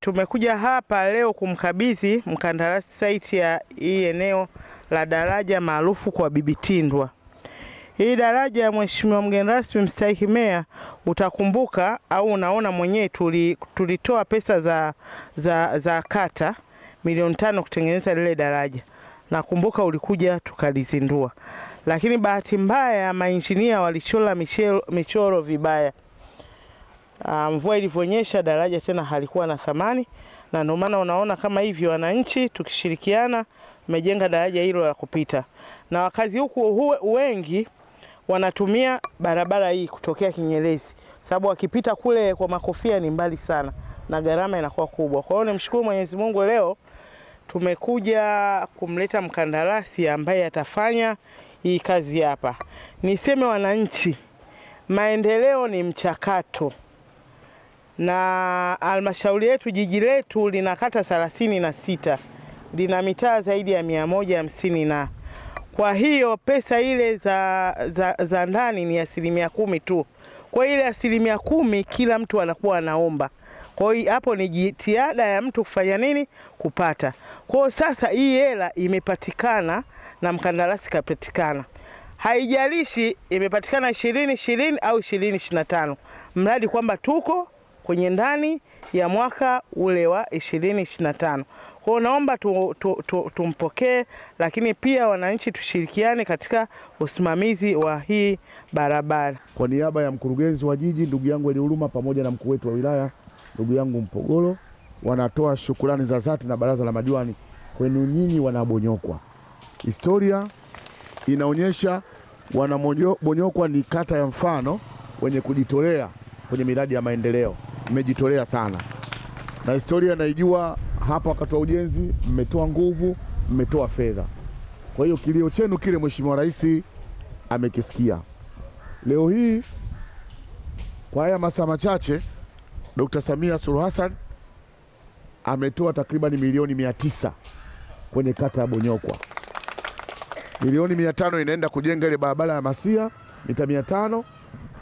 Tumekuja hapa leo kumkabidhi mkandarasi saiti ya hii eneo la daraja maarufu kwa Bibi Tindwa. Hii daraja ya Mheshimiwa mgeni rasmi mstahiki meya, utakumbuka au unaona mwenyewe, tulitoa pesa za, za, za kata milioni tano kutengeneza lile daraja. Nakumbuka ulikuja tukalizindua lakini bahati mbaya mainjinia walichora michoro, michoro vibaya. Uh, Mvua um, ilivyonyesha daraja tena halikuwa na thamani, na ndio maana unaona kama hivyo, wananchi tukishirikiana mejenga daraja hilo la kupita, na wakazi huku wengi wanatumia barabara hii kutokea Kinyerezi, sababu wakipita kule kwa makofia ni mbali sana na gharama inakuwa kubwa. Kwa hiyo nimshukuru Mwenyezi Mungu, leo tumekuja kumleta mkandarasi ambaye atafanya hii kazi hapa. Niseme wananchi, maendeleo ni mchakato, na halmashauri yetu jiji letu lina kata thelathini na sita lina mitaa zaidi ya mia moja hamsini na kwa hiyo pesa ile za, za, za ndani ni asilimia kumi tu. Kwa ile asilimia kumi kila mtu anakuwa anaomba. Kwa hiyo hapo ni jitihada ya mtu kufanya nini kupata. Kwa hiyo sasa hii hela imepatikana na mkandarasi kapatikana. Haijalishi imepatikana ishirini ishirini au ishirini ishirini na tano, mradi kwamba tuko kwenye ndani ya mwaka ule wa ishirini ishirini na tano. Kwa hiyo naomba tu, tu, tu, tumpokee, lakini pia wananchi tushirikiane katika usimamizi wa hii barabara. Kwa niaba ya mkurugenzi wa jiji ndugu yangu Eli Huruma pamoja na mkuu wetu wa wilaya ndugu yangu Mpogolo wanatoa shukurani za dhati na baraza la madiwani kwenu nyinyi wanabonyokwa Historia inaonyesha Wanabonyokwa ni kata ya mfano wenye kujitolea kwenye miradi ya maendeleo, mmejitolea sana na historia naijua. Hapa wakati wa ujenzi mmetoa nguvu, mmetoa fedha. Kwa hiyo kilio chenu kile Mheshimiwa Rais amekisikia. Leo hii kwa haya masaa machache Dkt. Samia Suluhu Hassan ametoa takribani milioni mia tisa kwenye kata ya Bonyokwa milioni mia tano inaenda kujenga ile barabara ya Masia mita mia tano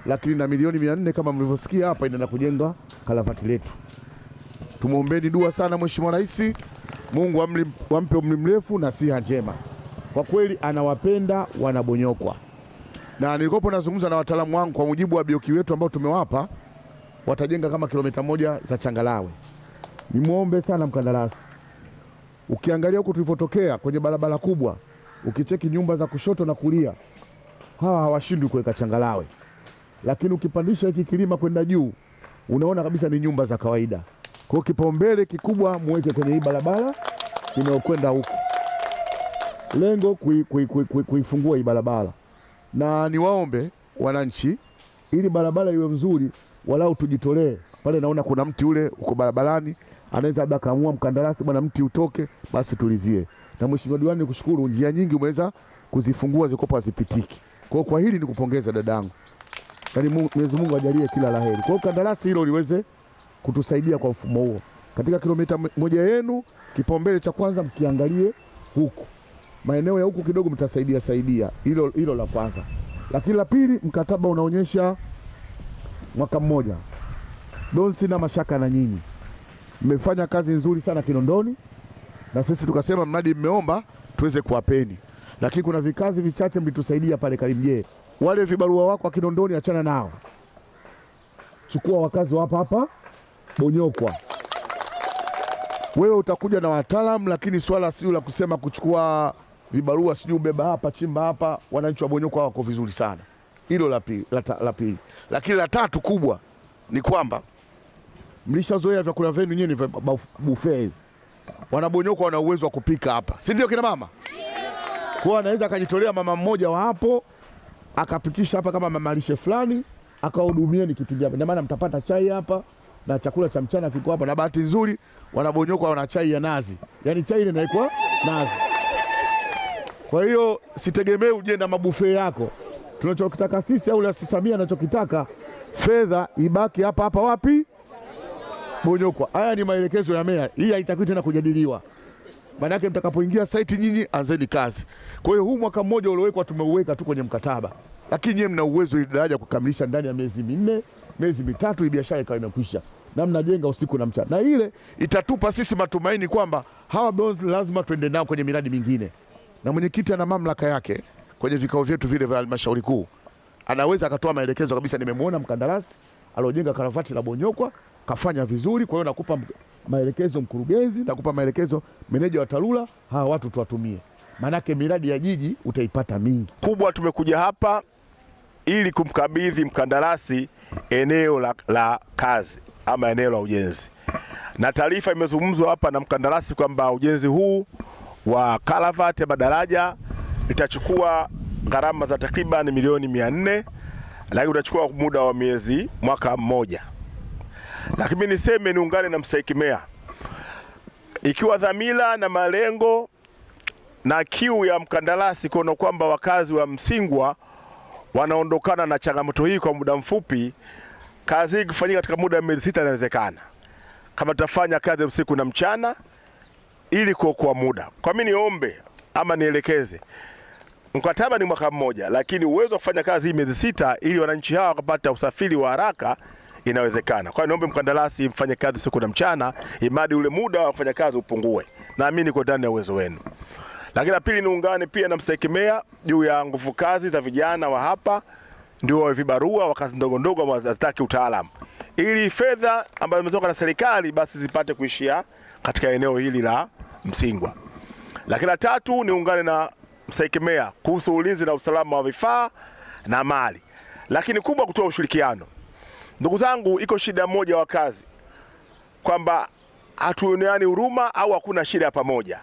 lakini na milioni mia nne kama mlivyosikia hapa inaenda kujenga karavati letu. Tumwombeni dua sana Mheshimiwa Rais, Mungu ampe umri mrefu na siha njema. Kwa kweli anawapenda wanabonyokwa, na nilikopo nazungumza na wataalamu wangu, kwa mujibu wa bioki wetu ambao tumewapa, watajenga kama kilomita moja za changalawe. Nimwombe sana mkandarasi, ukiangalia huko tulivyotokea kwenye barabara kubwa Ukicheki nyumba za kushoto na kulia, hawa hawashindwi kuweka changalawe, lakini ukipandisha hiki kilima kwenda juu, unaona kabisa ni nyumba za kawaida. Kwa hiyo kipaumbele kikubwa muweke kwenye hii barabara inayokwenda huko, lengo kuifungua kui, kui, kui, kui hii barabara, na niwaombe wananchi, ili barabara iwe nzuri, walau tujitolee pale. Naona kuna mti ule uko barabarani anaweza labda kaamua mkandarasi, bwana, mti utoke basi tulizie. Na mheshimiwa diwani, nikushukuru, njia nyingi umeweza kuzifungua zikopo hazipitiki. Kwa kwa hili nikupongeza dadangu, yani Mwenyezi Mungu ajalie kila la heri. Kwa hiyo kandarasi hilo liweze kutusaidia kwa mfumo huo katika kilomita moja yenu, kipaumbele cha kwanza mkiangalie huku maeneo ya huku kidogo, mtasaidia saidia hilo hilo la kwanza. Lakini la pili, mkataba unaonyesha mwaka mmoja. Donsi na mashaka na nyinyi mmefanya kazi nzuri sana Kinondoni, na sisi tukasema mradi mmeomba tuweze kuwapeni, lakini kuna vikazi vichache mlitusaidia pale Karimjee. Wale vibarua wako wa Kinondoni achana nao, chukua wakazi wa hapa hapa Bonyokwa. Wewe utakuja na wataalamu, lakini swala sio la kusema kuchukua vibarua sijui ubeba hapa chimba hapa. Wananchi wa Bonyokwa wako vizuri sana. Hilo la pili, lakini la tatu kubwa ni kwamba mlishazoea vyakula vyenu nyinyi ni buffet hizi. wana uwezo wa kupika hapa, si ndio kina mama? Kwa anaweza akajitolea mama mmoja wa hapo akapikisha hapa kama mamalishe lishe fulani akawahudumieni kipindi hapa. Ndio maana mtapata chai hapa na chakula cha mchana kiko hapa, na bahati nzuri wanabonyoka wana chai ya nazi, yani chai ile inaikuwa nazi. Kwa hiyo sitegemee uje na mabufe yako. Tunachokitaka sisi au la Samia anachokitaka, fedha ibaki hapa hapa. Wapi? Bonyokwa. Haya ni maelekezo ya meya, hii haitakiwi tena kujadiliwa. Maana yake mtakapoingia saiti nyinyi anzeni kazi. Kwa hiyo huu mwaka mmoja uliowekwa tumeuweka tu kwenye mkataba, lakini nyie mna uwezo ili daraja kukamilisha ndani ya miezi minne, miezi mitatu, hii biashara ikawa imekwisha na mnajenga usiku na mchana, na ile itatupa sisi matumaini kwamba hawa bonzi lazima tuende nao kwenye miradi mingine, na mwenyekiti ana mamlaka yake kwenye vikao vyetu vile vya halmashauri kuu, anaweza akatoa maelekezo kabisa. Nimemwona mkandarasi aliojenga karavati la Bonyokwa kafanya vizuri. Kwa hiyo nakupa maelekezo mkurugenzi, nakupa maelekezo meneja wa TARURA, hawa watu tuwatumie, maanake miradi ya jiji utaipata mingi kubwa. Tumekuja hapa ili kumkabidhi mkandarasi eneo la, la kazi ama eneo la ujenzi, na taarifa imezungumzwa hapa na mkandarasi kwamba ujenzi huu wa karavati ya madaraja itachukua gharama za takriban milioni mia nne, lakini utachukua muda wa miezi mwaka mmoja. Lakini niseme niungane na mstahiki meya, ikiwa dhamira na malengo na kiu ya mkandarasi kuona kwamba wakazi wa Msingwa wanaondokana na changamoto hii kwa muda mfupi, kazi hii ikifanyika katika muda wa miezi sita inawezekana, kama tutafanya kazi usiku na mchana ili kuokoa muda. Kwa mimi niombe ama nielekeze, mkataba ni mwaka mmoja, lakini uwezo wa kufanya kazi hii miezi sita ili wananchi hawa wakapata usafiri wa haraka inawezekana. Kwa hiyo niombe mkandarasi mfanye kazi siku na mchana, imadi ule muda wa kufanya kazi upungue, naamini kwa ndani ya uwezo wenu. Lakini la pili, niungane pia na mstahiki meya juu ya nguvu kazi za vijana wa hapa, ndio wa vibarua wa kazi ndogo ndogo wazitaki utaalamu, ili fedha ambazo zimetoka na serikali basi zipate kuishia katika eneo hili la Msingwa. Lakini la tatu, niungane na mstahiki meya kuhusu ulinzi na usalama wa vifaa na mali, lakini kubwa kutoa ushirikiano Ndugu zangu, iko shida moja wakazi, kwamba hatuoneani huruma au hakuna shida pamoja.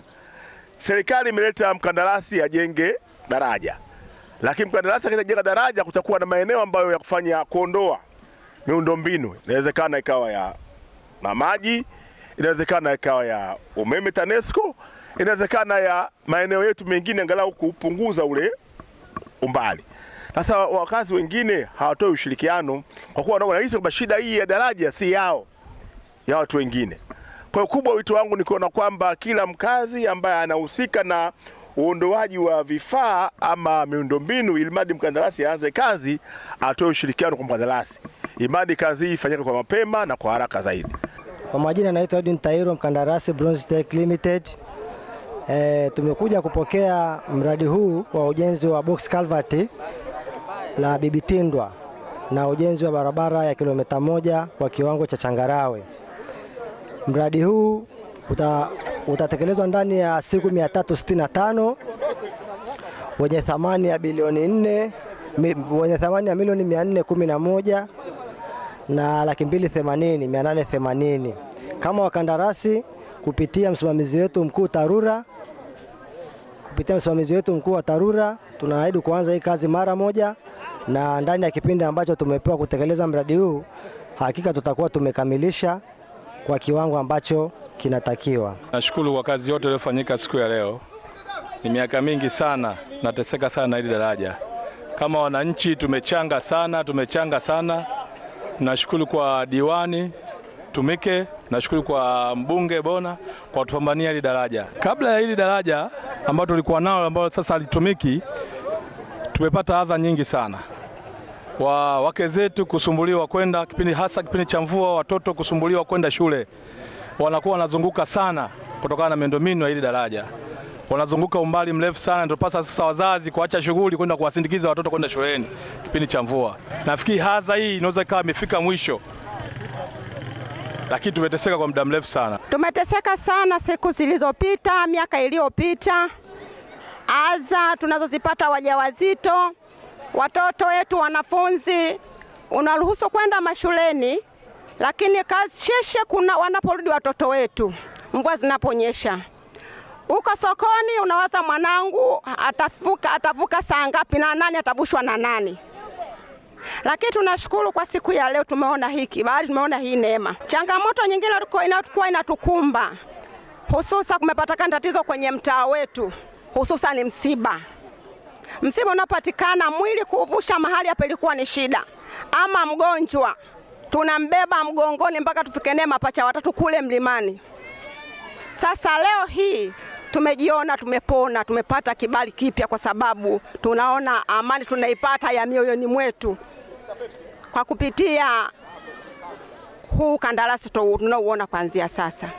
Serikali imeleta mkandarasi ajenge daraja, lakini mkandarasi akijenga daraja, kutakuwa na maeneo ambayo ya kufanya kuondoa miundombinu. Inawezekana ikawa ya maji, inawezekana ikawa ya umeme TANESCO, inawezekana ya maeneo yetu mengine, angalau kupunguza ule umbali. Sasa wakazi wengine hawatoi ushirikiano kwa kuwa wanahisi kwamba shida hii ya daraja si yao, ya watu wengine. Kwa hiyo kubwa, wito wangu ni kuona kwamba kila mkazi ambaye anahusika na uondoaji wa vifaa ama miundombinu, ilimadi mkandarasi aanze kazi, atoe ushirikiano kwa mkandarasi, imadi kazi hii ifanyike kwa mapema na kwa haraka zaidi. Kwa majina naitwa Edwin Tairo, mkandarasi Bronze Tech Limited. E, tumekuja kupokea mradi huu wa ujenzi wa box culvert la Bibitindwa na ujenzi wa barabara ya kilomita moja kwa kiwango cha changarawe. Mradi huu uta, utatekelezwa ndani ya siku 365 wenye thamani ya bilioni 4 wenye thamani ya milioni 411 na laki mbili themanini mia nane themanini kama wakandarasi kupitia msimamizi wetu mkuu TARURA kupitia msimamizi wetu mkuu wa TARURA tunaahidi kuanza hii kazi mara moja na ndani ya kipindi ambacho tumepewa kutekeleza mradi huu, hakika tutakuwa tumekamilisha kwa kiwango ambacho kinatakiwa. Nashukuru kwa kazi yote iliyofanyika siku ya leo. Ni miaka mingi sana nateseka sana na hili daraja. Kama wananchi tumechanga sana, tumechanga sana. Nashukuru kwa diwani Tumike, nashukuru kwa mbunge Bona kwa kutupambania hili daraja. Kabla ya hili daraja ambalo tulikuwa nao ambalo sasa halitumiki, tumepata adha nyingi sana wa wake zetu kusumbuliwa kwenda kipindi, hasa kipindi cha mvua, watoto kusumbuliwa kwenda shule. Wanakuwa wanazunguka sana kutokana na miundombinu ya hili daraja, wanazunguka umbali mrefu sana. Ndio pasa sasa wazazi kuacha shughuli kwenda kuwasindikiza watoto kwenda shuleni kipindi cha mvua. Nafikiri hadha hii inaweza ikawa imefika mwisho, lakini tumeteseka kwa muda mrefu sana, tumeteseka sana siku zilizopita, miaka iliyopita, adha tunazozipata wajawazito watoto wetu wanafunzi unaruhusu kwenda mashuleni, lakini kasheshe kuna wanaporudi watoto wetu, mvua zinaponyesha. Uko sokoni, unawaza mwanangu atavuka atavuka saa ngapi na nani atavushwa na nani lakini tunashukuru kwa siku ya leo tumeona hiki bali tumeona hii neema. Changamoto nyingine inayokuwa inatukumba hususa, kumepatikana tatizo kwenye mtaa wetu, hususan msiba Msiba unapatikana mwili kuvusha mahali hapa ilikuwa ni shida, ama mgonjwa tunambeba mgongoni mpaka tufike naye mapacha watatu kule mlimani. Sasa leo hii tumejiona tumepona, tumepata kibali kipya, kwa sababu tunaona amani tunaipata ya mioyoni mwetu kwa kupitia huu kandarasi tunaouona kuanzia sasa.